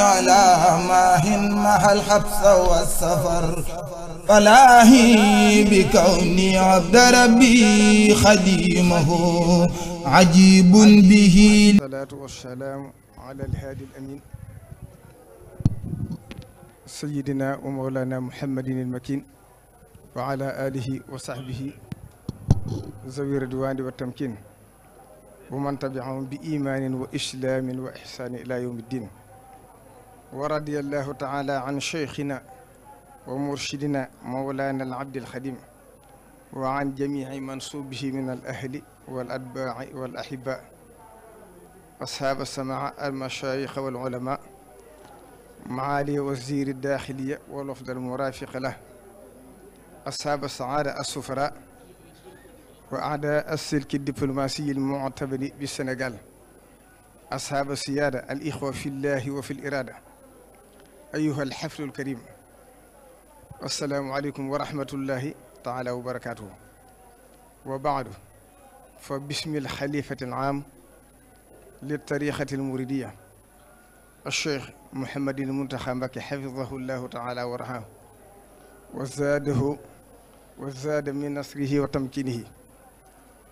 على ماه مع الحبس والسفر فلاهي بكوني عبد ربي خديمه عجيب به الصلاة والسلام على الهادي الأمين سيدنا ومولانا محمد المكين وعلى آله وصحبه ذوي الرضوان والتمكين ومن تبعهم بإيمان وإسلام وإحسان إلى يوم الدين wa radiyallahu taala an cheikhina wa murshidina mawlana al abdil xadim wa an jamici mansubihi min al ahli wal atbaaci wal ahiba ashaaba samaa al mashaayikh wal ulama maali wasiri daaxiliya wal wafdal murafiqa lah ashaaba saada assufara wa aada assilki diplomasi al muctabari bi Sénégal ashaaba siyaada al ixwa fi llahi wa fi l irada ayuha alxaflu alkarim asalaamualeykum wa rahmatullahi taala wa barakatuhu wa baadu fa bismi alxalifati alaam liltariqati almuridiya alcheikh mohamadin muntaxa mbake xafidahu llahu taala wa rahahu wa zaadahu wa zaada min nasrihi wa tamkinihi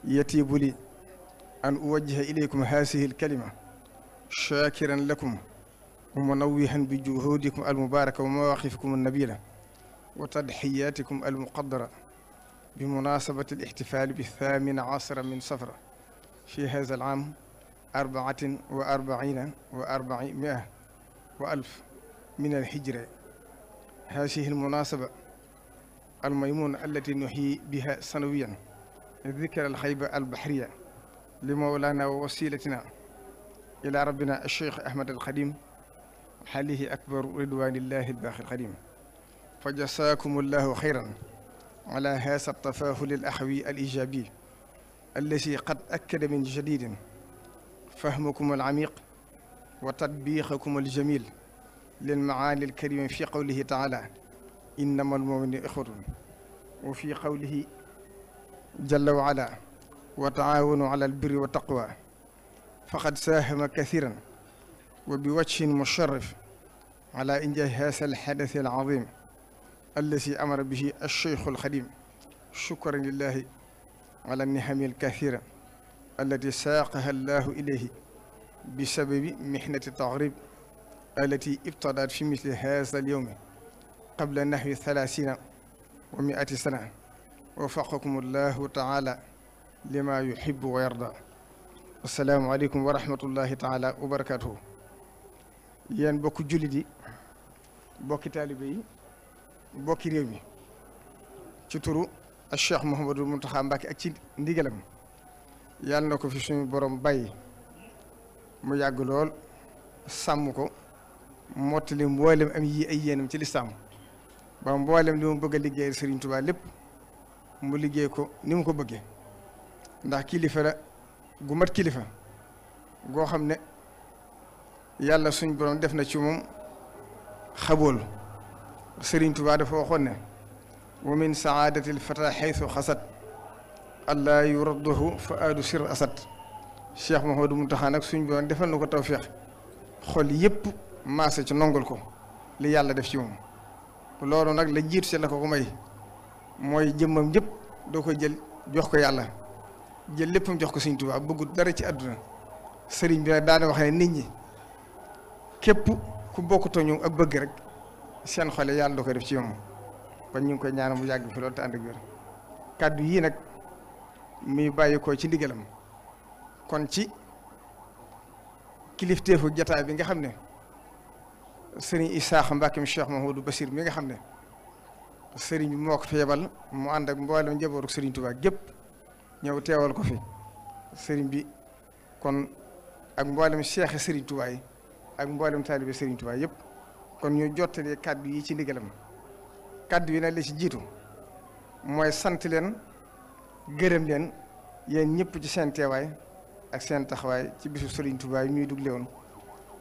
yatibu li an uwajjiha ilaykum hadihi alkalima shakiran lakum ومنوها بجهودكم المباركة ومواقفكم النبيلة وتضحياتكم المقدرة بمناسبة الاحتفال بالثامن عشر من صفر في هذا العام أربعة وأربعين وأربعمائة وألف من الهجرة هذه المناسبة الميمون التي نحيي بها سنويا ذكر الخيبة البحرية لمولانا ووسيلتنا إلى ربنا الشيخ أحمد الخديم xalihi akbar ridwanillahi albaaxi alxadim fa jasaakum allahu xayran ala haasa tafaahul alaxwi alijabi alladi qad akkada min jadidin fahmakum alamiq wa tatbiqakum aljamil للمعاني الكريمة في قوله تعالى إنما المؤمن إخوة وفي قوله جل وعلا وتعاونوا على البر والتقوى فقد ساهم كثيرا وبوجه مشرف على إنجاز هذا الحدث العظيم الذي أمر به الشيخ الخديم شكرا لله على النعم الكثيرة التي ساقها الله إليه بسبب محنة التغريب التي ابتدأت في مثل هذا اليوم قبل نحو ثلاثين ومائة سنة وفقكم الله تعالى لما يحب ويرضى السلام عليكم ورحمة الله تعالى وبركاته yéen bokk jullit yi bokki taalibe yi bokki réew mi ci turu ak Cheikh Mouhamadou Mountakha Mbacké ak ci ndigalam yàlla na ko fi suñu borom bàyyi mu yàgg lool sàmm ko mottali mboolem am yi ay yéenam ci sàmm ba mboolem li mu bëgg liggéey liggéeyal Serigne lépp mu liggéey ko ni mu ko bëggee ndax kilifa la gu mat kilifa goo xam ne. yàlla suñ borom def na ci moom xabool Sëriñ Tuubaa dafa waxoon ne wa min saadati lfata xaytu xasat allaa yuradduhu fa aadu sir asat Cheikh Mouhamadou Mountakha nag suñ borom defal na ko tawféex xol yépp maase ci nongul ko li yàlla def ci moom loolu nag la jiit ci la ko ko may mooy jëmmam yëpp doo ko jël jox ko yàlla jël léppam jox ko Sëriñ tubaab bëggut dara ci àdduna sëriñ bi nag daana wax nit ñi képp ku bokkutoo ñu ak bëgg rek seen xole yàlla da ko def ci yomb kon ñu ngi koy ñaanal mu yàgg fi loolu te ànd ak wér kàddu yii nag muy bàyyikoo ci ndigalam kon ci kilifteefu jataay bi nga xam ne sëriñ i Isaaxa Mbàkke Cheikh Mahoudou Basir mi nga xam ne sëriñ bi moo ko fi yebal mu ànd ak mboolem njabootu sëriñ Tuubaa gépp ñëw teewal ko fi sëriñ bi kon ak mboolem Cheikh sëriñ Tuubaa yi ak mboolem taalibe Serigne Touba yëpp kon ñu jottalee kàddu yi ci ndigalam kàddu yi nag la ci jiitu mooy sant leen gërëm leen yéen ñëpp ci seen teewaay ak seen taxawaay ci bisu Serigne Touba yi ñuy dugle woon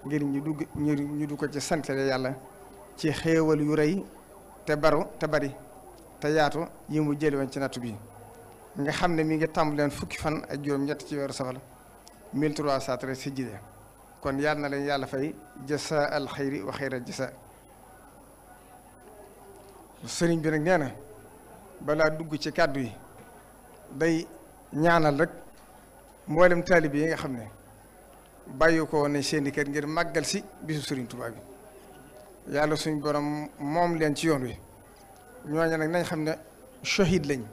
ngir ñu dugg ko ci santale yàlla ci xéewal yu rey te baru te bari te yaatu yi mu jëlee woon ci nattu bi nga xam ne mi ngi leen fukki fan ak juróom-ñett ci weeru safar 1313 si jide kon yàlla na leen yàlla fay jasa al xayri wa xayral jasa sëriñ bi nag nee na balaa dugg ci kàddu yi day ñaanal rek mboolem taalib yi nga xam ne bàyyi ko woon ne seeni kër ngir màggal si bisu sëriñ Tuubaa bi yàlla suñ borom moom leen ci yoon wi ñooñu nag nañ xam ne shahid lañ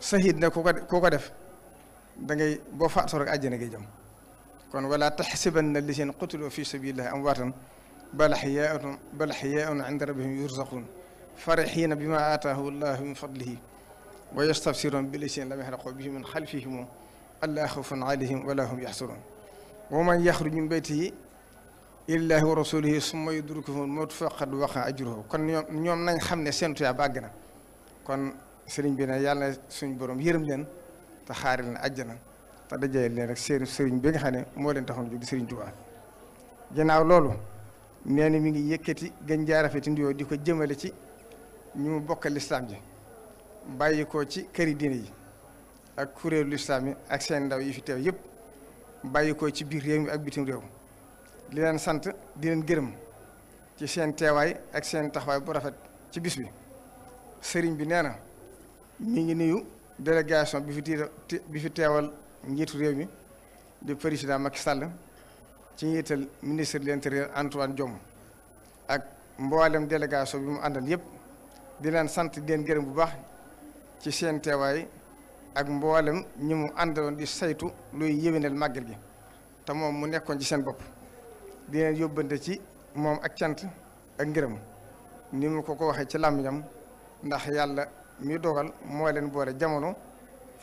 shahid na ku ko def da ngay boo faatoo rek àjjana ngay jëm kon wala taxsibanna liseen qutilu fi sabilillahi amwaatan bal axyaa'un bal axyaa'un inda rabbihim yurzaquun farixiina bimaa aataahumu llaahu min fadlihi wa yastabsiruuna billiseen lam yaxlaqu bihi min xalfihim allaa xawfun alayhim wala hum yaxsunuun wa man yaxruj min baytihi lillaahi wa rasuulihi summa yudrikuhu l-mawtu faqad waqaa ajruhu kon ñoom ñoom nañ xam ne seen tuyaa bàgg na kon sëriñ bi ne yàlla na suñ borom yërëm leen te xaaril na àjjana te dajee leen ak sëriñ bi nga xam ne moo leen taxoon jóg di sëriñ Tuubaa ginnaaw loolu nee na mi ngi yëkkati gën jaarafeti nduyoo di ko jëmale ci ñu mu bokk lislaam ji bàyyi ko ci këri diine yi ak kuréelu lislaam yi ak seen ndaw yi fi teew yépp bàyyi ko ci biir réew mi ak bitim réew di leen sant di leen gërëm ci seen teewaay ak seen taxawaay bu rafet ci bis bi sëriñ bi nee na mi ngi nuyu délégation bi bi fi teewal njiitu réew mi di président Macky Sall ci njiital ministre de l'intérieur Antoine Diome ak mboolem délégation bi mu àndal yëpp di leen sant den leen gërëm bu baax ci seen teewaay ak mboolem ñi mu àndaloon di saytu luy yéwénal màggal gi te moom mu nekkoon ci seen bopp di yóbbante ci moom ak sant ak ngërëm ni mu ko ko waxee ci làmmiñam ndax yàlla mi dogal moo leen boole jamono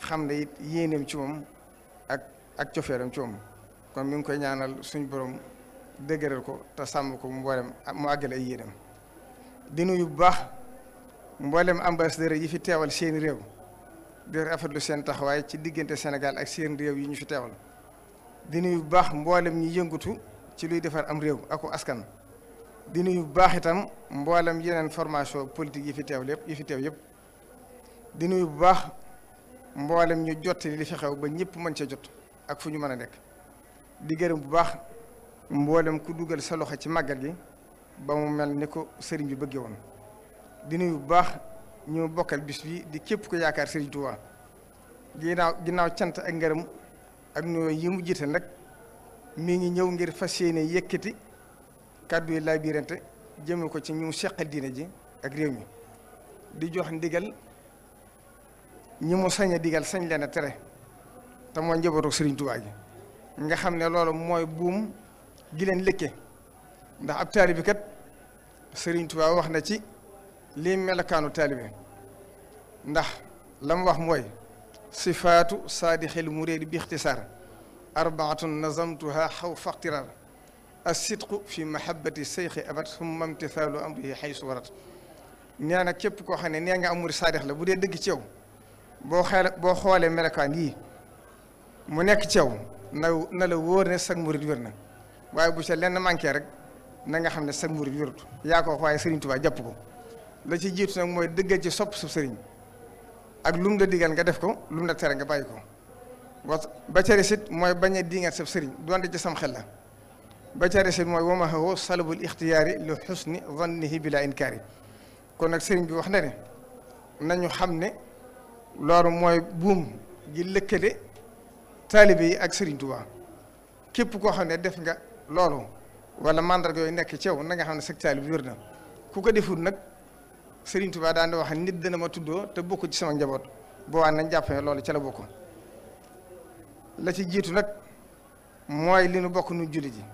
xam ne it yéeneem ci moom ak cofeeram ci moom kon mi ngi koy ñaanal suñ borom dëgëral ko te sàmm ko mu mboolem mu àggale ay yéenam di nuyu bu baax mboolem ambassadeur yi fi teewal seen réew di rafetlu seen taxawaay ci diggante Sénégal ak seen réew yi ñu fi teewal di nuyu bu baax mboolem ñi yëngatu ci luy defar am réew ako askan. di nuyu bu baax itam mboolem yeneen formation politique yi fi teew lépp yi fi teew yëpp di nuyu bu baax mboolem ñu jot li fi xew ba ñëpp mën cee jot. ak fu ñu mën a nekk di gërëm bu baax mboolem ku dugal sa loxo ci màggal gi ba mu mel ni ko sëriñ bi bëggee woon di nuyu bu baax ñu bokkal bis di képp ko yaakaar sëriñ Touba ginnaaw ginnaaw cant ak ngërëm ak nuyoo yi mu jiite nag mi ngi ñëw ngir fas yéene yëkkati kàddu yi labirante jëme ko ci ñu seqal diine ji ak réew mi di jox ndigal ñi mu sañ a digal sañ leen tere te mooy njabootu Serigne Touba gi nga xam ne loolu mooy buum gi leen lëkke ndax ab taalibi kat Serigne Touba wax na ci lii melokaanu taalibi ndax la wax mooy sifaatu saadixil muriid bi ixtisaar arbaatun nazamtuha xaw faxtiraar asidqu fi mahabbati seyxi abat summa imtisaalu amrihi su warat nee na képp koo xam ne nee nga amuri saadix la bu dee dëgg ci yow boo xee xoolee melokaan mu nekk ci yow na na la wóor ne sag murit wér na waaye bu ca lenn manqué rek na nga xam ne sag murit wérut yaa ko wax waaye Sëriñ Tuubaa jàpp ko la ci jiitu nag mooy dëggal ci sopp suuf sëriñ ak lu mu la nga def ko lu mu la tere nga bàyyi ko wa ba ca resit mooy bañ a diingat sab sëriñ doonte ci sam xel la ba ca resit mooy wama hawa salabul ixtiyaari li xusni zannihi bila inkaari kon nag sëriñ bi wax na ne nañu xam ne loolu mooy buum gi lëkkale taalibe yi ak Serigne képp koo xam ne def nga loolu wala mandarga yooyu nekk ceew na xam ne sag taalibe wér na ku ko deful nag Serigne Touba daan wax nit dana ma tuddoo te bokku ci sama njaboot boobaa nañ jàpp ne loolu ca la bokk la ci jiitu nag mooy li nu bokk nu julli ji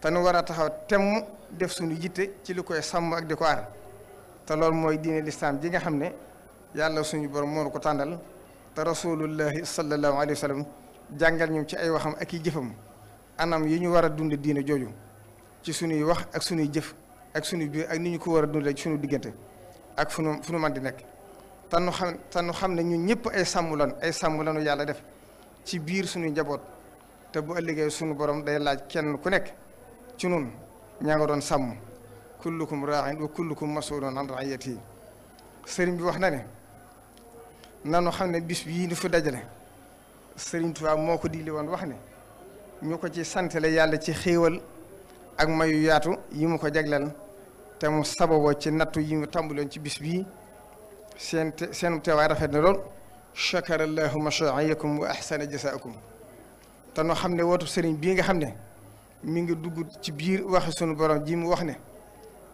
te nu war a taxaw temm def suñu jitte ci li koy sàmm ak di ko aar te loolu mooy diine lislaam ji nga xam ne yàlla suñu borom moo ko tàndal te rasulullahi sallallahu alayhi jàngal ñu ci ay waxam ak i jëfam anam yi ñu war a dunde diine jooju ci sunuy wax ak sunuy jëf ak sunu biir ak ni ñu ko war a dundee ci sunu diggante ak fu nu fu di nekk te xam ne ñun ñëpp ay sàmmu lan ay sàmm lanu yàlla def ci biir sunuy njaboot te bu ëllëgee sunu borom day laaj kenn ku nekk ci nun ñaa nga doon sàmm kullukum raain wa kullukum masulun an raiyati sëriñ bi wax na ne nanu xam ne bis bii nu fi dajale Serigne Touba moo ko diile woon wax ne ñu ko ci santale yàlla ci xéewal ak mayu yaatu yi mu ko jagleel te mu sababoo ci nattu yi mu tàmbaloon ci bis bii seen seen teewaay rafet na lool chakara allahu mashaayakum wa ahsana jasaakum te noo xam ne wootu sëriñ bii nga xam ne mi ngi dugg ci biir waxi sunu borom ji mu wax ne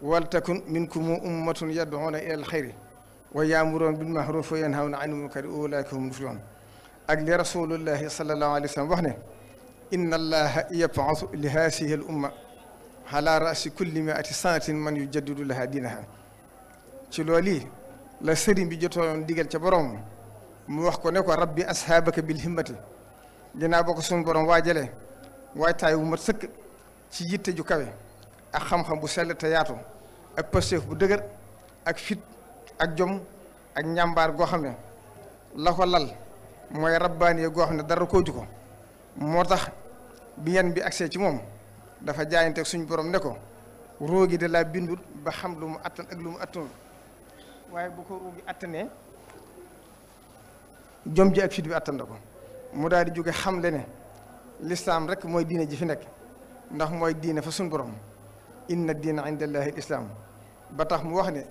wal takun minkum ummatun yad'una ila alxayri wa yaamuruuna bil ma'rufi wa yanhawna anil munkari wa ulaa'ika humul muflihuun ak li rasulullahi sallallahu alayhi wa sallam wax ne inna allaha yab'athu li haasihi al umma ala rasi kulli mi'ati sanatin man yujaddidu laha diinaha ci loolu la sëriñ bi digal ca borom mu wax ko ne ko rabbi ashaabaka bil himmati dinaa bokk suñu borom waajale waajtaay wu mat sëkk ci yitte ju kawe ak xam-xam bu sell te yaatu ak pësteef bu dëgër ak fit ak jom ak njàmbaar goo xam ne la ko lal mooy rabbaani goo xam ne dara kooju ko moo tax bi yan bi agsee ci moom dafa jaayanteeg suñu borom ne ko ruugi da laa bindul ba xam lu mu attan ak lu mu attanul waaye bu ko ruugi attanee jom ji ak fit bi attan na ko mu daal di jóge xam le ne lislaam rek mooy diine ji fi nekk ndax mooy diine fa suñu borom inna diina inda allahi lislaam ba tax mu wax ne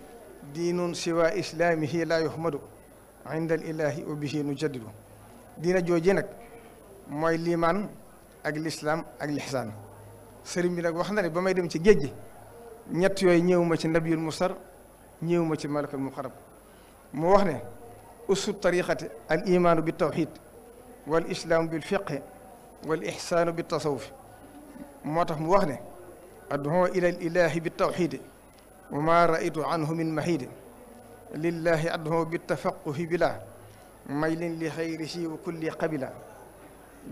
diinun siwa islaamihi laa yuhmadu inda al ilahi wa bihi nu jaddidu diina jooje nag mooy liimaan ak lislaam ak lixsaan sëriñ bi nag wax na ne ba may dem ci géej gi ñett yooyu ñëwuma ci nabiyul musar ma ci malakul muqarab moo wax ne ussu tariqati al imaanu bi tawxid wal islaamu bil fiqi wal ixsaanu bi tasawuf moo tax mu wax ne adduhoo ila l bi tawxidi wa ma raytu anhu min mahidi lillahi adduhoo bi tafaquhi billah may leen li xayrihi wa kulli qabila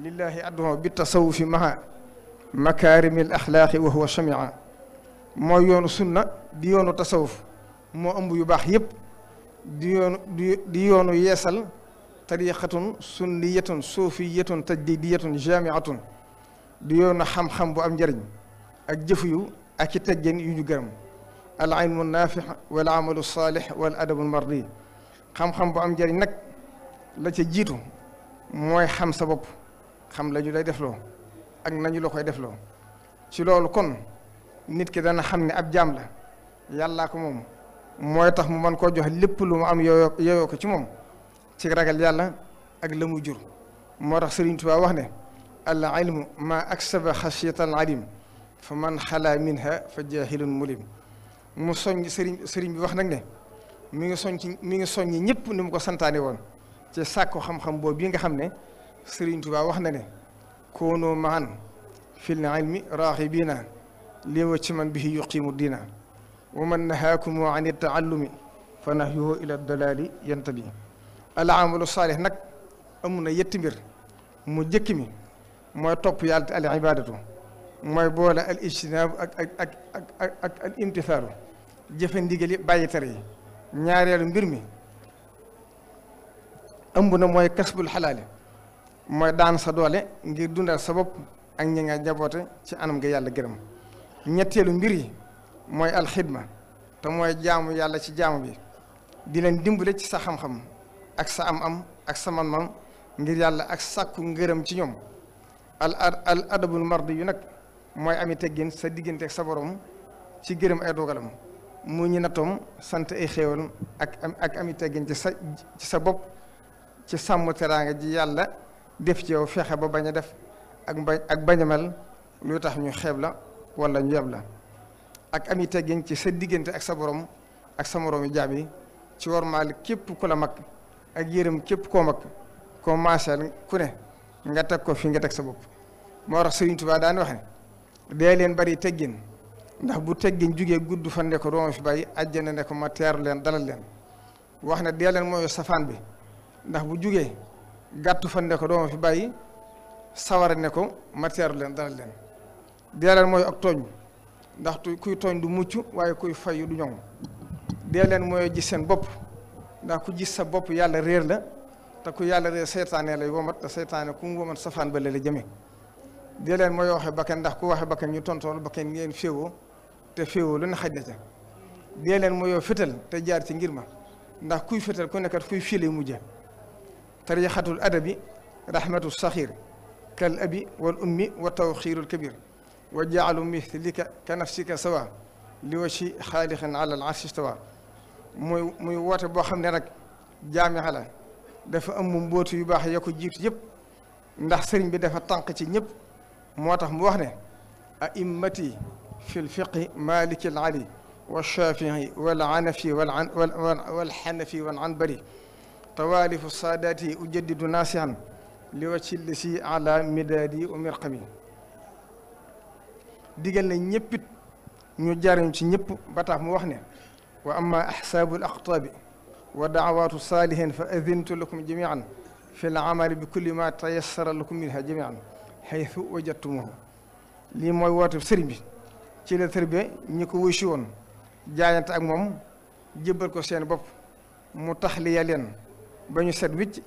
lillahi addumo bi tasawufi maha makaarimi al axlaaqi wa huwa chamia mooy yoonu sunna di yoonu tasawuf moo ëmb yu baax yëpp di yoonu di yoonu yeesal tariqatun sunniyatun suufiyatun tajdidiyatun jaamiatun di yoonu xam-xam bu am njëriñ ak jëf yu ak i teggeen yu ñu gërëm al ilmu naafi wal amalu saalix wal adabu mardi xam-xam bu am njëriñ nag la ci jiitu mooy xam sa bopp xam lañu ñu lay defloo ak nañu la koy defloo ci loolu kon nit ki dana xam ne ab jaam la yàllaa ko moom mooy tax mu mën koo jox lépp lu mu am yooyoo yooyoo ko ci moom ci ragal yàlla ak la mu jur moo tax Sëriñ Tuubaa wax ne al ilmu ma aksaba xasiyata al alim fa man xalaa minha fa jaahilun mulim mu soññ sëriñ sëriñ bi wax nag ne mu ngi soññ ni ngi soññ ñëpp ni mu ko santaane woon ci sàkku xam-xam boobu nga xam ne Sëriñ Tuubaa wax na ne koonoo maan fil ilmi raaxibiina li wacci man bihi yuqimu diina wa man nahaakumu an taallumi fa nahyuhu ila dalaali yantabi al amalu saalih nag amu na yetti mbir mu jëkk mi mooy topp yàlla te al ibaadatu mooy boole al ijtinaab al imtisaalu jëfe ndigali bàyyi tere ñaareelu mbir mi ëmb na mooy kasbul xalaali mooy daan sa doole ngir dundal sa bopp ak ñi nga jaboote ci anam nga yàlla gërëm ñetteelu mbir yi mooy alxidma te mooy jaamu yàlla ci jaamu bi di leen dimbale ci sa xam-xam ak sa am-am ak sa man-man ngir yàlla ak sàkku ngërëm ci ñoom al al adabul mardi yu nag mooy amit teggin sa diggante ak sa borom ci gërëm ay dogalam mu ñu nattoom sant ay xéewal ak ak ami ci sa bopp ci sàmm teraanga ji yàlla def ci yow fexe ba bañ a def ak mbañ ak bañ a mel lu tax ñu xeeb la wala ñu yeb la ak ami teggin ci sa diggante ak sa borom ak sa moroomi jaam yi ci wormaal képp ku la mag ak yërëm képp koo mag ko maaseel ku ne nga teg ko fi nga teg sa bopp moo tax Sëriñ Tuubaa daan wax ne dee leen bari teggin ndax bu teggin jugee gudd fan ne ko dooma fi bàyyi ne ko ma leen dalal leen wax ne dee leen mooy safaan bi ndax bu jugee gàttu fan ne ko dooma fi bàyyi sawara ne ko matière leen dara leen dee mooy ak tooñ ndax kuy tooñ du mucc waaye kuy fayu du ñoŋ dee leen mooy gis seen bopp ndax ku gis sa bopp yàlla réer la te ku yàlla réer seytaane lay womat te seytaane ku mu womat safaan ba la jëme dee leen mooy waxee bakkan ndax ku waxe bakkan ñu tontool bakkan ngeen féewoo te féewoo lu ne xaj na ca dee leen mooy yow fétal te jaar ci ngir ma ndax kuy fétal ku nekkat kuy fii lay mujje tariixatul adabi rahmatu saxiir kal abi wal ummi wa tawxiirul kabir wa jaalu mihlika ka nafsika sawa li washi xaalixin ala al arshi stawa muy muy woote boo xam ne nag jaamixa la dafa am mbootu yu baax ya ko jiitu yëpp ndax sëriñ bi dafa tànk ci ñëpp moo tax mu wax ne a'immati fi lfiqi maliki al ali wa shafii wal anafi wal xanafi wal anbari tawaarifu saadaati ujaddidu naasihan li wacci li si ala midaadi wa mirqami digal na ñëppit ñu jariñ ci ñëpp ba tax mu wax ne wa amma axsaabu laqtaabi wa daawaatu saalihin fa adintu lakum jamian fi l bi kulli ma tayassara lakum minha jamian xaytu wajadtumuhu lii mooy woote sëriñ bi ci la tërbe ñi ko wuy si woon jaayante ak moom jébbal ko seen bopp mu taxliya leen ba ñu set wicc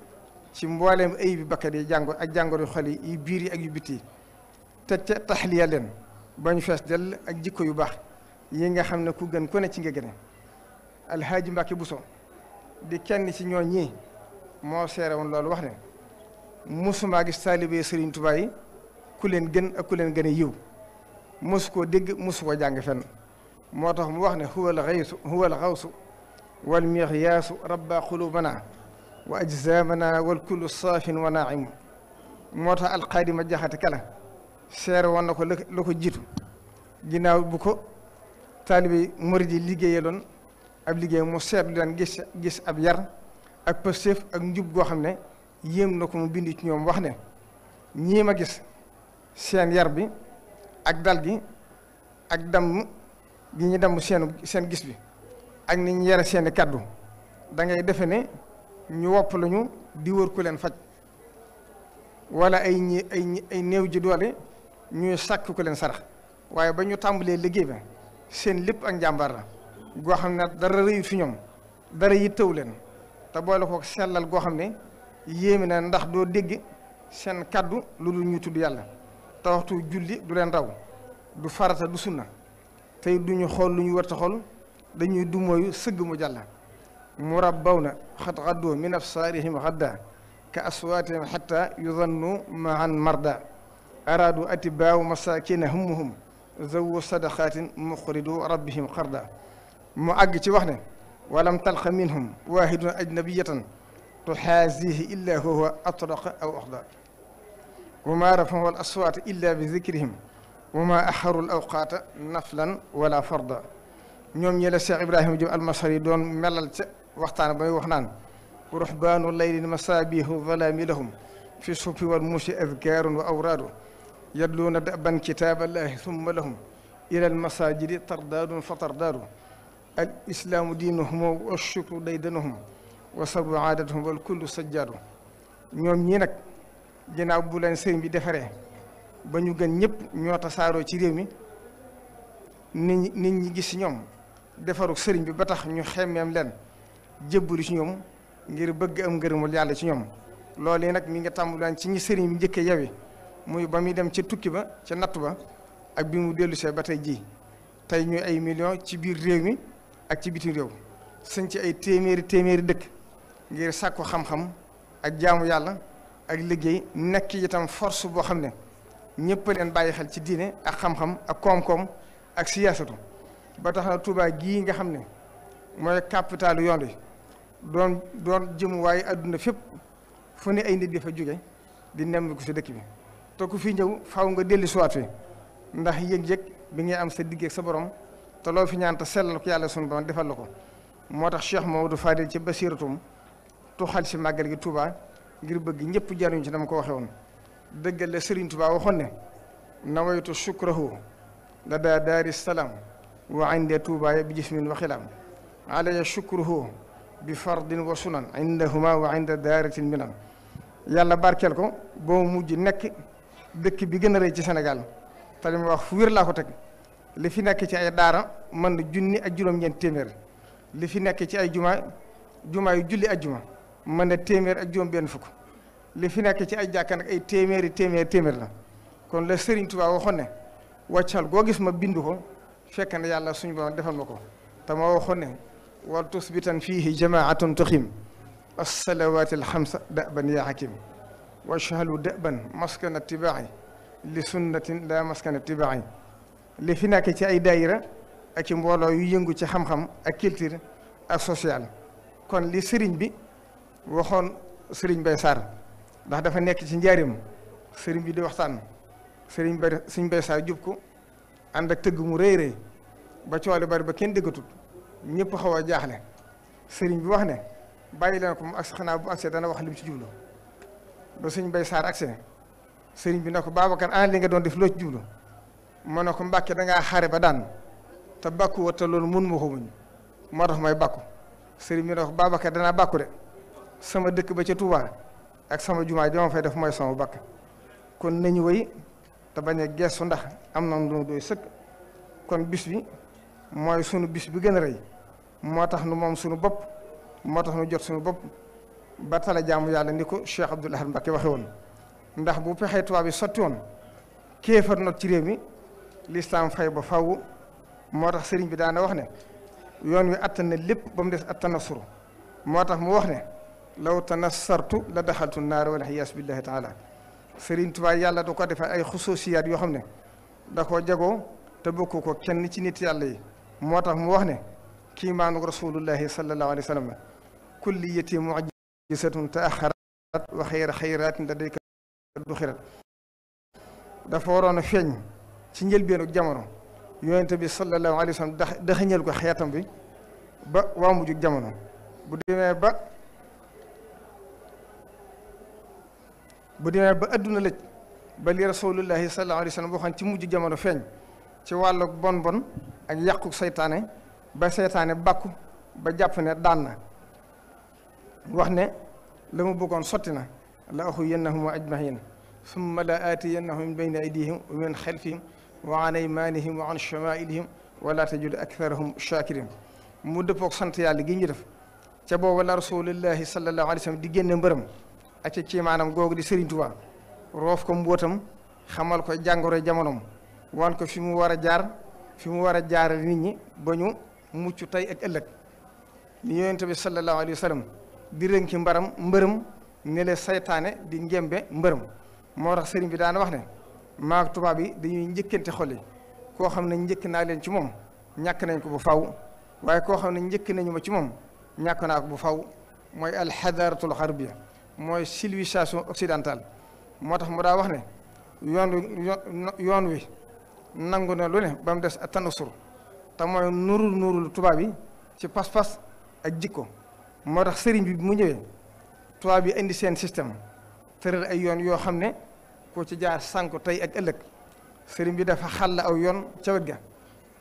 ci mbooleem ay bi bakkat yi jàngor ak jàngoro xol yi biir yi ak yu biti te ca taxliya leen fees dell ak jikko yu baax yi nga xam ne ku gën ku ne ci nga gëne alhaaji bu Buso di kenn ci ñoo ñii moo seere woon loolu wax ne mosumaa gis taalibe Sëriñ Tuubaa ku leen gën ak ku leen gën a yiw mosu koo dégg mosu koo jàng fenn moo tax mu wax ne huwal xaysu huwal xawsu wal miqyaasu rabba qulubana wa ajsamana wal kullu saafin wa naim moo tax alxaadima jaxate kala seere woon na ko la ko jiitu ginnaaw bu ko taalibe murid yi liggéeyaloon ab liggéey mu seetlu daan gis ab yar ak pëstéef ak njub goo xam ne yéem na ko mu bind ci ñoom wax ne ñii ma gis seen yar bi ak dal gi ak damm gi ñu damm seen seen gis bi ak ni ñu yare seeni kàddu da defe ne ñu wopp lañu di wër ko leen faj wala ay ñi ay ay néew ji doole ñuy sàkk ku leen sarax waaye ba ñu tàmbalee liggéey ba seen lépp ak njàmbaar la goo xam ne dara rëyut fi ñoom dara yittaw leen te boole ko sellal goo xam ne yéeme na ndax doo dégg seen kàddu lu dul ñu tudd yàlla te waxtu julli du leen raw du farata du sunna tey du ñu xool lu ñu war a xool dañuy du mooyu sëgg mu jàlla murabbawna xat xaddu min afsaarihim xadda ka aswaatihim xatta yudannu maan marda araadu atibaawu masaakina hummuhum zawu sadaqaatin muxridu rabbihim xarda mu àgg ci wax ne walam talqa minhum waahidun ajnabiyatan tuxaazihi illa huwa atraqa aw oxda wa ma rafahu al aswaata illa bi zikrihim wa ma axaru l awqaata naflan wala farda ñoom ñi la Cheikh Ibrahima Jóob almasari doon melal ca waxtaan ba wax naan ruxbaanu laylin masaabihu zalaami lahum fi sufi wal muusi azkaarun wa awraadu yadluuna daban kitaaballahi summa lahum ila almasajidi tardaadun fa tardaadu al islaamu diinuhum wa shukru daydanuhum wa sabu wal kullu sajjaadu ñoom ñii nag ginnaaw bu leen sëriñ bi defaree ba ñu gën ñëpp ñoo tasaaroo ci réew mi nit ñi gis ñoom defaru sëriñ bi ba tax ñu xemmeem leen jëbbalu ci ñoom ngir bëgg am ngërëmul yàlla ci ñoom loolu yi nag mi nga tàmbalaan ci ñi sëriñ bi njëkkee yawi muy ba muy dem ca tukki ba ca nattu ba ak bi mu dellu see ba tey ji tey ñuy ay million ci biir réew mi ak ci bitim réew sëñ ci ay téeméeri téeméeri dëkk ngir sàkku xam-xam ak jaamu yàlla ak liggéey nekk itam force boo xam ne ñëpp leen bàyyi xel ci diine ak xam-xam ak koom-koom ak siyaasatu ba tax na Tuubaa gii nga xam ne mooy capitalu yoon wi doon doon jëmuwaayu àdduna fépp fu ne ay nit di fa jóge di nemm ko si dëkk bi te ku fi ñëw faaw nga delli suwaat fi ndax yëg-yëg bi ngay am sa diggeeg sa borom te loo fi ñaan te sellal ko yàlla sunu borom defal la ko moo tax Cheikh Mamadou Fadil ci Basiratum tuxal si màggal gi Touba ngir bëgg ñëpp jariñu ci dama ko waxe woon dëggal la Serigne waxoon ne nawaytu shukrahu la daa daari salaam wa indee Touba bi gis min waxilaam alaya shukruhu bi fardin wa sunan indahuma wa inda daaratin minan yàlla barkeel ko boo mujj nekk dëkk bi gën a rëy ci senegal te ma wax fu wér laa ko teg li fi nekk ci ay daara mën na junni ak juróom-ñeent téeméer li fi nekk ci ay juma juma yu julli ak juma mën na téeméer ak juróom-benn fukk li fi nekk ci ay jàkka ay téeméeri téeméer téeméer la kon la Serigne Touba waxoon ne wàccal goo gis ma bind ko fekk na yàlla suñu borom defal ma ko te ma waxoon wal tusbitan fiihi jamaatun tuxim alsalawat alxamsa daban yaa xakim wajhalu daban maskana tibaai li sunnatin la maskana tibaai li fi nekk ci ay daayira ak ci mbooloo yu yëngu ci xam-xam ak culture ak social kon li sëriñ bi waxoon sëriñ Bay Sarr ndax dafa nekk ci njaarim sëriñ bi di waxtaan sëriñ Bay sëriñ Bay Sarr ko ànd ak tëgg mu rëy rëy ba coole bari ba kenn déggatut ñëpp xaw a jaaxle sëriñ bi wax ne bàyyi leen ko mu agsi xanaa bu agsee dana wax lim ci jublu ba suñ bay saar agsee sëriñ bi ne ko Babacar ana nga doon def loo ci jublu mu ne ko Mbàkke dangaa xare ba daan te bàkku wa te loolu mun ma ko muñ moo tax may bàkku sëriñ bi ne ko Babacar danaa bàkku sama dëkk ba ca Touba ak sama jumaa jama fay def mooy sama bakk kon nañu wéy te bañ a geesu ndax am na lu doy sëkk kon bis bi mooy sunu bis bi gën a rëy moo tax nu moom sunu bopp moo tax nu jot sunu bopp ba tala jaamu yàlla ni ko Cheikh Abdoul Ahad Mbacké woon ndax bu pexee tubaab bi sotti woon kéefar not ci réew mi lislaam fay ba faw moo tax sëriñ bi daana wax ne yoon wi attan na lépp ba mu des na tanasuru moo tax mu wax ne law tanassartu la daxaltu naar wala xiyaas billahi taala sëriñ Tuubaa yàlla da ko defee ay xusuusiyaat yoo xam ne da koo jagoo te bokku ko kenn ci nit yàlla yi moo tax mu wax ne kiimaanu rasulullahi sallallahu alayhi wa sallam kulliyati mujisatun taaxarat wa xayra xayraatin ladayka du xirat dafa waroon a feeñ ci njëlbeenu jamono yonente bi sallallahu alayhi wa sallam daxañal ko xeetam bi ba waa mujjug jamono bu demee ba bu demee ba adduna lëj ba li rasulullahi sallallahu alayhi wa sallam waxoon ci mujj jamono feeñ ci wàllu bon bon ak yàqu seytaane ba seytaane bàkku ba jàpp ne daan na wax ne la mu bëggoon sotti na la axuyannahum ajmahin summa la aatiyannahum min bayni aydihim wa min xalfihim wa an aymanihim wa an chamailihim wala tajid aktharahum shakirin mu dëppook sant yàlla gi ñu def ca booba la rasulillahi sallallahu alayhi wa sallam di génne mbërëm ak ca ci googu di Sëriñ Tuubaa roof ko mbootam xamal ko jàngoro jamonoom wan ko fi mu war a jaar fi mu war a jaaral nit ñi bañu mucc tey ak ëllëg li yonente bi sallallahu alayhi wa di rënki mbaram mbërëm ne la saytaane di njembe mbërëm moo tax sëriñ bi daana wax ne maak tubaab yi dañuy njëkkante xol yi koo xam ne njëkk naa leen ci moom ñàkk nañ ko bu faw waaye koo xam ne njëkk nañu ma ci moom ñàkk naa ko bu faw mooy alxadaratul xarbiya mooy civilisation occidentale moo tax mu daa wax ne yoon wi nangu na lu ne ba mu des a tanasur te mooy nurul nurul tubaab yi ci pas-pas ak jikko moo tax sëriñ bi mu ñëwee tubaab yi indi seen système tëral ay yoon yoo xam ne koo ci jaar sànku tey ak ëllëg sëriñ bi dafa xàll aw yoon ca wet ga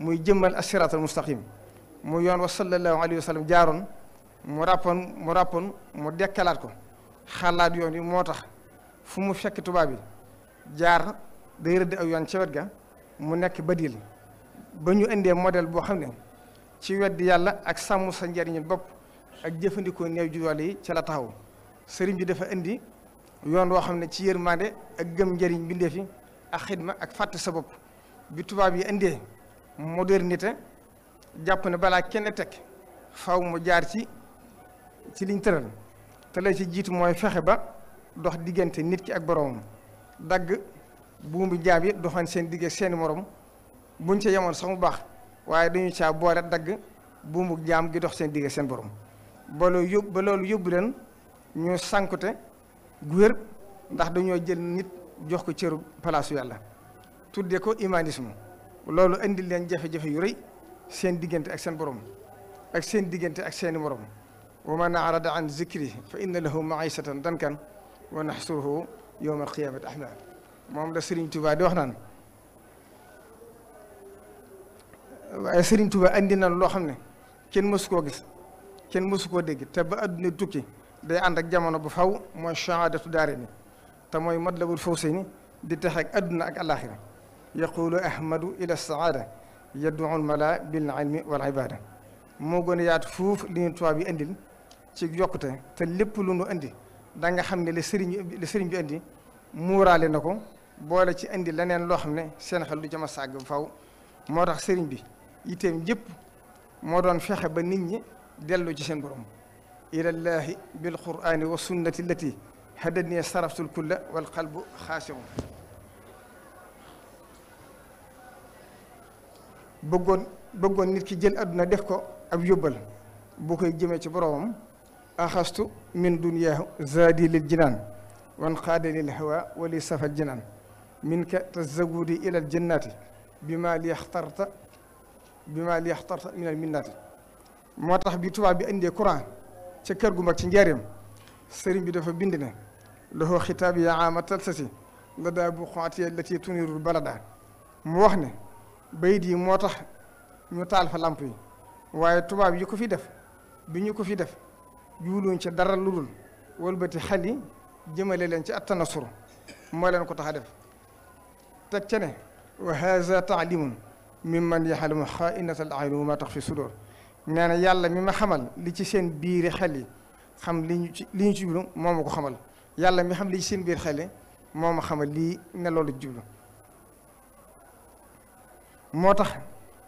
muy jëmmal asiraatal mustaqim mu yoon wa sallallahu alayhi wa sallam jaaroon mu ràppoon mu ràppoon mu dekkalaat ko xalaat yoon yi moo tax fu mu fekk tubaab yi jaar day rëdd aw yoon ca wet ga mu nekk ba badil ba ñu indee model boo xam ne ci weddi yàlla ak sàmm sa njariñu bopp ak jëfandikoo néew ju doole yi ca la taxaw sëriñ bi dafa indi yoon woo xam ne ci yërmande ak gëm njariñ bindee fi ak xidma ak fàtte sa bopp bi tubaab yi indee modernité jàpp ne balaa kenn teg faw mu jaar ci ci liñ tëral te la ci jiitu mooy fexe ba dox diggante nit ki ak boroomam dagg buumbi jaam yëpp doxan seen digge seeni morom buñ ca yemoon sax mu baax waaye dañu saa boole dagg buumbu jaam gi dox seen digge seen borom ba loolu ba loolu yóbbu leen ñu sankute gu wér ndax dañoo jël nit jox ko cëru palaasu yàlla tudde ko humanisme loolu indi leen jafe-jafe yu rëy seen diggante ak seen borom ak seen diggante ak seeni morom wa man arada an zikri fa inna lahu maisatan dankan wa naxsuruhu yowma alqiyamati ahmaa moom la Serigne Touba di wax naan waaye Serigne Touba andi loo xam ne kenn mësu koo gis kenn mësu koo dégg te ba adduna tukki day ànd ak jamono bu faw mooy shahaadatu daare ni te mooy matlabul fawsayni di tax ak adduna ak alaxira yaqulu ahmadu ila saada yadduul mala bil ilmi wal ibada moo gën a yaatu fuuf li ñu Touba bi andil ci yokkute te lépp lu nu andi da xam ne li sëriñ li sëriñ bi andi muuraale na ko boole ci indi leneen loo xam ne seen xel du a sàgg bu faw moo tax sëriñ bi yitteem yëpp moo doon fexe ba nit ñi dellu ci seen borom ilallahi bil qurani wa sunnati allati hadani saraftul kulla wal qalbu xaasiru bëggoon bëggoon nit ki jël àdduna def ko ab yóbbal bu koy jëmee ci boromam axastu min duniyaahu zaadi lil jinaan wan qaada lil hawa wali safal jinaan minka tazawudi ila aljannati bima li yaxtarta bima li yaxtarta min alminnati moo tax bi tubaab bi indee Quran ca kër gu mag ci njaareem sëriñ bi dafa bind ne loxoo xitaab yaa ama talsasi la daa bu xoatiye la mu wax ne bayit yi moo tax ñu taal fa lamp yi waaye tubaab yi ko fi def bi ñu ko fi def juuluñ ci dara ludul walbati xel yi jëmale leen ci attanasur moo leen ko tax a def teg ca ne wa haza taalimun min man yaxalamu xaainata al ayni wa ma tax fi sudur nee na yàlla mi ma xamal li ci seen biir xel yi xam li ñu ci jublu moo ma ko xamal yàlla mi xam li ci seen biir xel yi moo ma xamal lii ne loolu jublu moo tax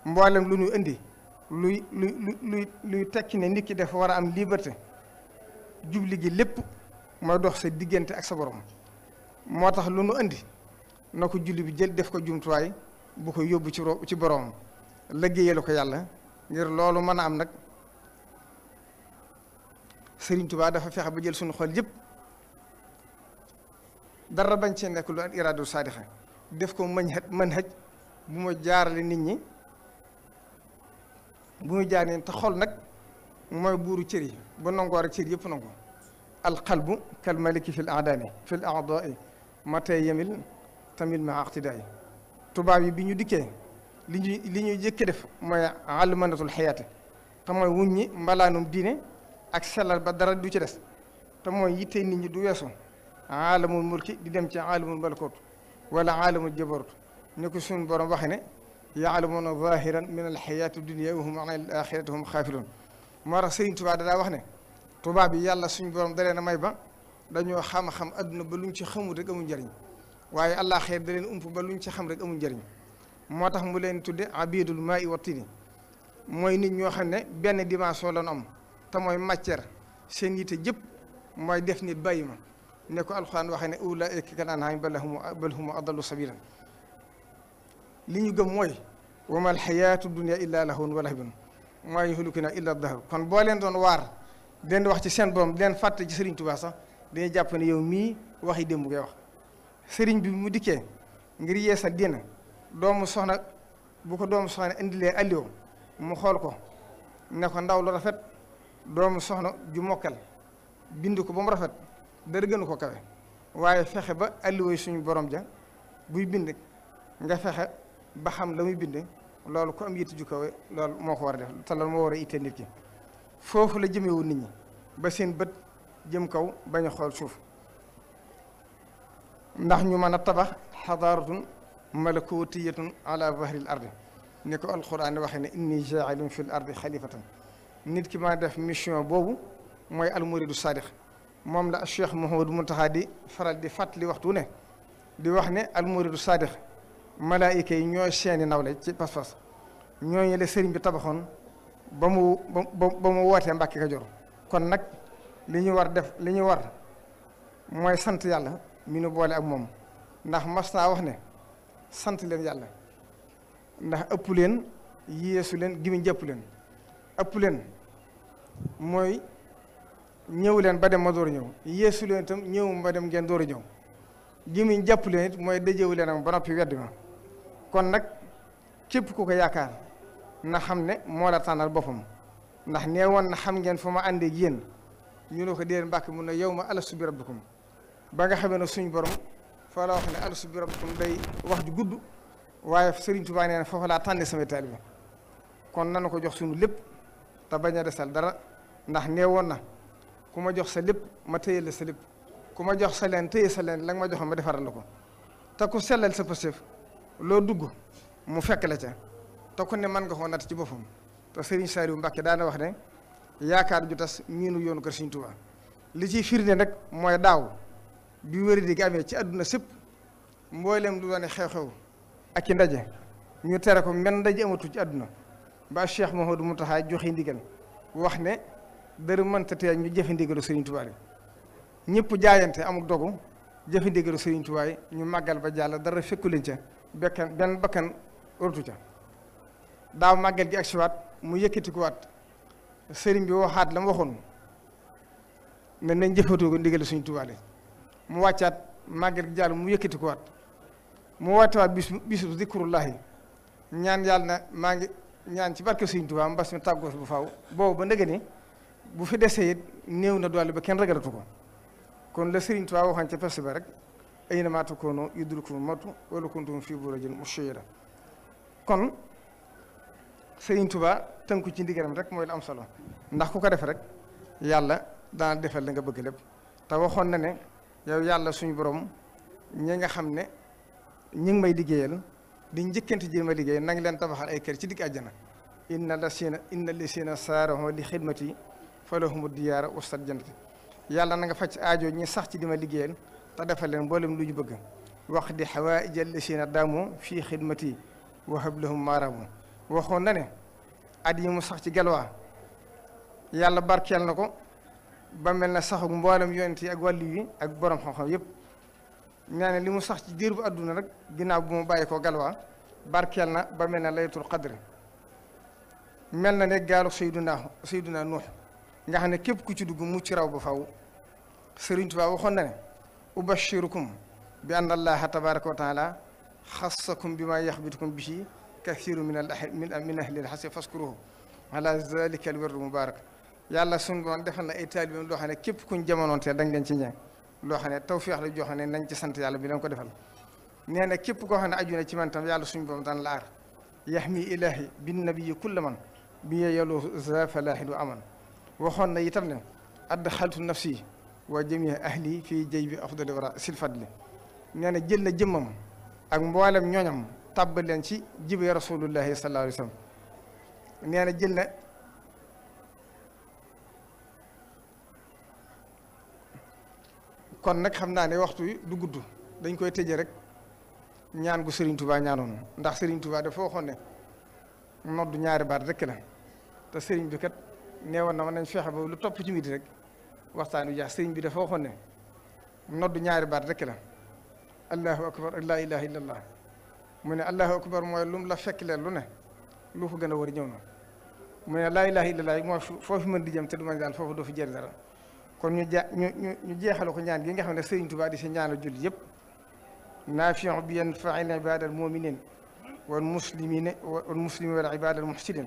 mboolem lu ñu indi luy luy luy luy tekki ne nit ki dafa war a am liberté jubli gi lépp mooy dox sa diggante ak sa borom moo tax lu ñu indi na ko julli bi jël def ko jumtuwaay bu ko yóbbu ci ci boroom liggéeyal ko yàlla ngir loolu mën a am nag Sëriñ Tuubaa dafa fexe ba jël suñu xol yëpp dara bañ cee nekk lu al iraadu saadixa def ko mën xaj mën xaj bu ma jaarale nit ñi bu mu jaar te xol nag mooy buuru cër ba nangoo rek cër yëpp nangoo alqalbu kal maliki fil aadaani fil aadaai matee yemil tamit ma aqtidaay tubaab yi bi ñu dikkee li ñuy li ñuy jëkk def mooy àllmanatul xayaati te mooy wuññi mbalaanum diine ak sellal ba dara du ci des te mooy yitte nit ñi du weesu aalamul mulki di dem ci aalamul malakoot wala aalamul jabarut ne ko suñu borom waxe ne yaalamuuna zahiran min alxayaati dunia wa hum an al axirati hum xaafiloon moo tax sëriñ wax ne tubaab yi yàlla suñu borom dalee na may ba dañoo xam-xam adduna ba luñ ci xamut rek amuñ njariñ waaye allah xeer da leen ump ba luñ ci xam rek amul njariñ moo tax mu leen tudde abidul maa i wa mooy nit ñoo xam ne benn dimension lañ am te mooy matière seen yitte jëpp mooy def nit bàyyi ma ne ko alxuraan waxee ne ulaa'ika kal an'aami bal hum adallu sabiilan li ñu gëm mooy wa mal xayaatu dunya illaa lahwun wa lahbun maa yuhlikunaa illaa dahr kon boo leen doon waar den wax ci seen borom den fàtte ci Sëriñ Tuubaa sax dañuy jàpp ne yow mii waxi démb ngay sëriñ bi mu dikkee ngir yeesal diina doomu soxna bu ko doomu soxna indilee alliwo mu xool ko ne ndaw lu rafet doomu soxna ju mokkal bind ko ba mu rafet dara gënu ko kawe waaye fexe ba alliwo suñu borom ja buy bind nga fexe ba xam la muy bind loolu ko am yitt ju kawe loolu moo ko war a def te loolu moo war a ittee nit ki foofu la jëmewul nit ñi ba seen bët jëm kaw bañ xool suuf ndax ñu mën a tabax xadaaratun malakutiyatun ala zahril ardi ni ko alquran waxe ne inni jaa'ilun fil ardi xalifatan nit ki ma def mission boobu mooy almuridu sadiq moom la cheikh Mouhamadou Mountakha di faral di fàttali waxtu ne di wax ne almuridu sadiq malaayika yi ñooy seeni nawle ci pas-pas ñooñu la sëriñ bi tabaxoon ba mu ba mu wootee Mbàkke Kajoor kon nag li ñu war def li ñu war mooy sant yàlla mi nu boole ak moom ndax mas naa wax ne sant leen yàlla ndax ëpp leen yéesu leen gimiñ jëpp leen ëpp leen mooy ñëw leen ba dem ma door ñëw yéesu leen itam ñëwum ba dem ngeen door a ñëw gimiñ jàpp leen it mooy dëjëwu leen am ba noppi weddi ma kon nag képp ku ko yaakaar na xam ne moo la tànnal boppam ndax nee woon na xam ngeen foo ma àndee ak yéen ñu ne ko déedéet mbàkk mun na yow ma alastu bi rabbikum ba nga xamee na suñu borom fa la wax ne alastu bi rabbikum day wax ju gudd waaye Serigne Touba nee na foofa laa tànne samay taalibe kon nanu ko jox suñu lépp te bañ a desal dara ndax nee woon na ku ma jox sa lépp ma téye sa ku ma jox sa leen téye ma joxoon ma defaral la ko te ku sellal sa pastéef loo dugg mu fekk la ca te ku ne mën nga koo natt ci boppam te Serigne Saliou Mbacke daana wax ne yaakaar ju tas miinu yoonu ko Serigne Touba li ciy firnde nag mooy daaw. bi wéradi gi amee ci àdduna sëpp mboolem du doon xew-xew ak i ndaje ñu tere ko men ndaje amatu ci àdduna ba Cheikh mu Mountakha joxe ndigal wax ne dara mënta tee ñu jëfe ndigalu Sëriñ Tuubaa ñëpp jaayante amuk dogu jëfe ndigalu Sëriñ ñu màggal ba jàll dara fekku ca bekkan benn bakkan rotu ca daa màggal gi ak siwaat mu yëkkatikuwaat sëriñ bi waxaat la mu waxoon ne nañ jëfatoo ko ndigalu Sëriñ Tuubaa mu wàccaat màggal gi jàll mu yëkkati ko waat mu wootewaat bis bisu zikrullahi ñaan yàlla na maa ngi ñaan ci barke Sëriñ Tuubaa mbas mi tàggoos bu faw boobu ba ndëgë ni bu fi desee it néew na doole ba kenn ragalatu ko kon la Sëriñ Tuubaa waxoon ca peste ba rek ay na maa takkoonoo yudrikumul mawtu wala kuntum fii burujin mushayyada kon sëyiñ Tuubaa tënku ci ndigalam rek mooy la am solo ndax ku ko def rek yàlla dana defal la nga bëgg lépp te waxoon yow yàlla suñu borom ñi nga xam ne ñi ngi may liggéeyal di njëkkante jéem a liggéey na nga leen tabaxal ay kër ci digg àjjana inna la siina inna li siina saaraho li xidmati falahumu diyaara ustat jannati yàlla na nga faj aajo ñi sax ci di ma liggéeyal te defal leen mboolem lu ñu bëgg wax di xawaaija li siina daamu fii xidmati wahab lahum maaraamu waxoon na ne at yi mu sax ci galwaa yàlla barkeel na ko ba mel na saxug mboolem yonent yi ak wàllu ak borom xam-xam yëpp na li mu sax ci diir bu àdduna rek ginnaaw bu mu bàyyi ko galwaa barkeel na ba mel na laytul xadri mel na ne gaalo sayduna sayduna nuux nga xam ne képp ku ci dugg mucc raw ba faw Sëriñ Tuubaa waxoon na ne ubashirukum bi anna allaha tabaraka wa taala xassakum bi maa yaxbitukum bihi kathiru min al min min ahlil xasi faskuruhu ala zalika mubarak yàlla suñu borom defal na ay taalibeem loo xam ne képp kuñ jamonoontee te leen ci ñaan loo xam ne tawfeex la joo xam ne nañ ci sant yàlla bi leen ko defal nee na képp koo xam ne aju na ci man tam yàlla suñu borom daan la aar yaxmi ilaahi bin nabiyyi kulla man bi yeloo zafalahi du aman waxoon na itam ne add xaltu nafsi wa jamii ahli fii jëy bi afdali wara silfadli nee na jël na jëmmam ak mboolem ñooñam tàbbal leen ci jibe rasulullahi sallallahu alayhi wa sallam jël na kon nag xam naa ne waxtu wi du gudd dañ koy tëje rek ñaan gu Serigne Touba ñaanoon ndax Serigne Touba dafa waxoon ne ñaari baat rek la te Serigne bi kat neewoon na ma nañ fexe ba lu topp ci rek waxtaan wi jaax Serigne bi dafa waxoon ñaari baat rek la allahu akbar ak laa ilaha illallah mu ne allahu akbar mooy lu mu la fekk leen lu ne lu fu gën a war ñëw na mu ne laa ilaha illallah mooy foofu mën di jëm te du ma daal foofu doo fi jëri dara kon ñu ja ñu ñu jeexale ko ñaan gi nga xam ne Sëriñ Tuubaa di si ñaanal jullit yëpp naafion bi yan fail ibadal muminin wal muslimina wal muslimin wal ibadal muhsinin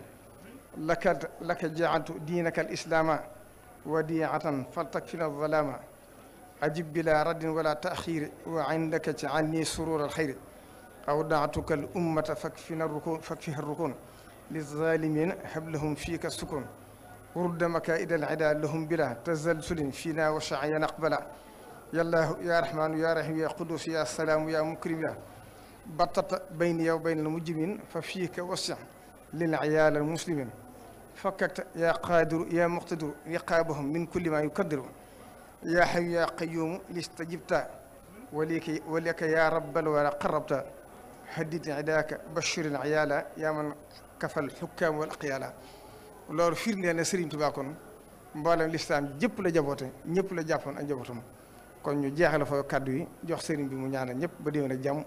laka laka jaaltu diinaka al islaama wadiatan faltakfina zalaama ajib bila raddin wala taaxiri wa indaka jaalni surur al xayri awdaatuka al ummata fakfina rukun fakfiha rukun lizzalimina hablahum fiika sukun ورد مكائد العدا لهم بلا تزلزل فينا وشعيا نقبلا يا الله يا رحمن يا رحيم يا قدوس يا سلام يا مكرم يا بطط بيني وبين المجرمين ففيك وسع للعيال المسلمين فككت يا قادر يا مقتدر رقابهم من كل ما يقدر يا حي يا قيوم لاستجبت وليك ولك يا رب الورى قربت هدد عداك بشر العيال يا من كفى الحكام والأقيال loolu firndee ne Serigne Touba kon mboolem lislaam jëpp la jaboote ñëpp la jàppoon a njabootam kon ñu jeexale fa kàddu yi jox Serigne bi mu ñaanal ñëpp ba déwén ak jàmm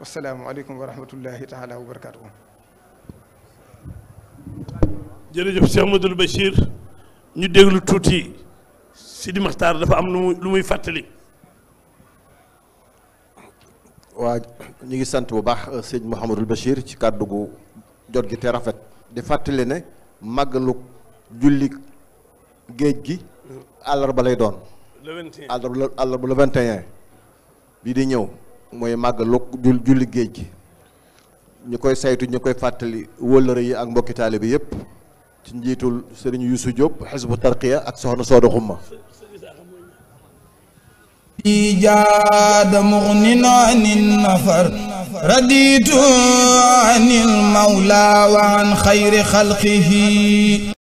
wasalaamualeykum wa rahmatullahi taala wa barakaatuhu. jërëjëf Cheikh Madou Bachir ñu déglu tuuti Sidi Maxtaar dafa am lu muy lu muy fàttali. waa ñu ngi sant bu baax sëñ Mouhamadul Bachir ci kàddu gu jot gi te rafet di fàttali ne. màggalug julli géej gi àllarba lay doon àllarba àllarba le di ñëw mooy màggalug julli géej gi ñu koy saytu ñu koy fàttali wëllëre yi ak mbokki taalibe yëpp ci njiitul sëriñ Youssou Diop xisbu tarqiya ak soxna Sooda Xumma ijaada muxni naa nin nafar raditu anil mawla wa an xayri xalqihi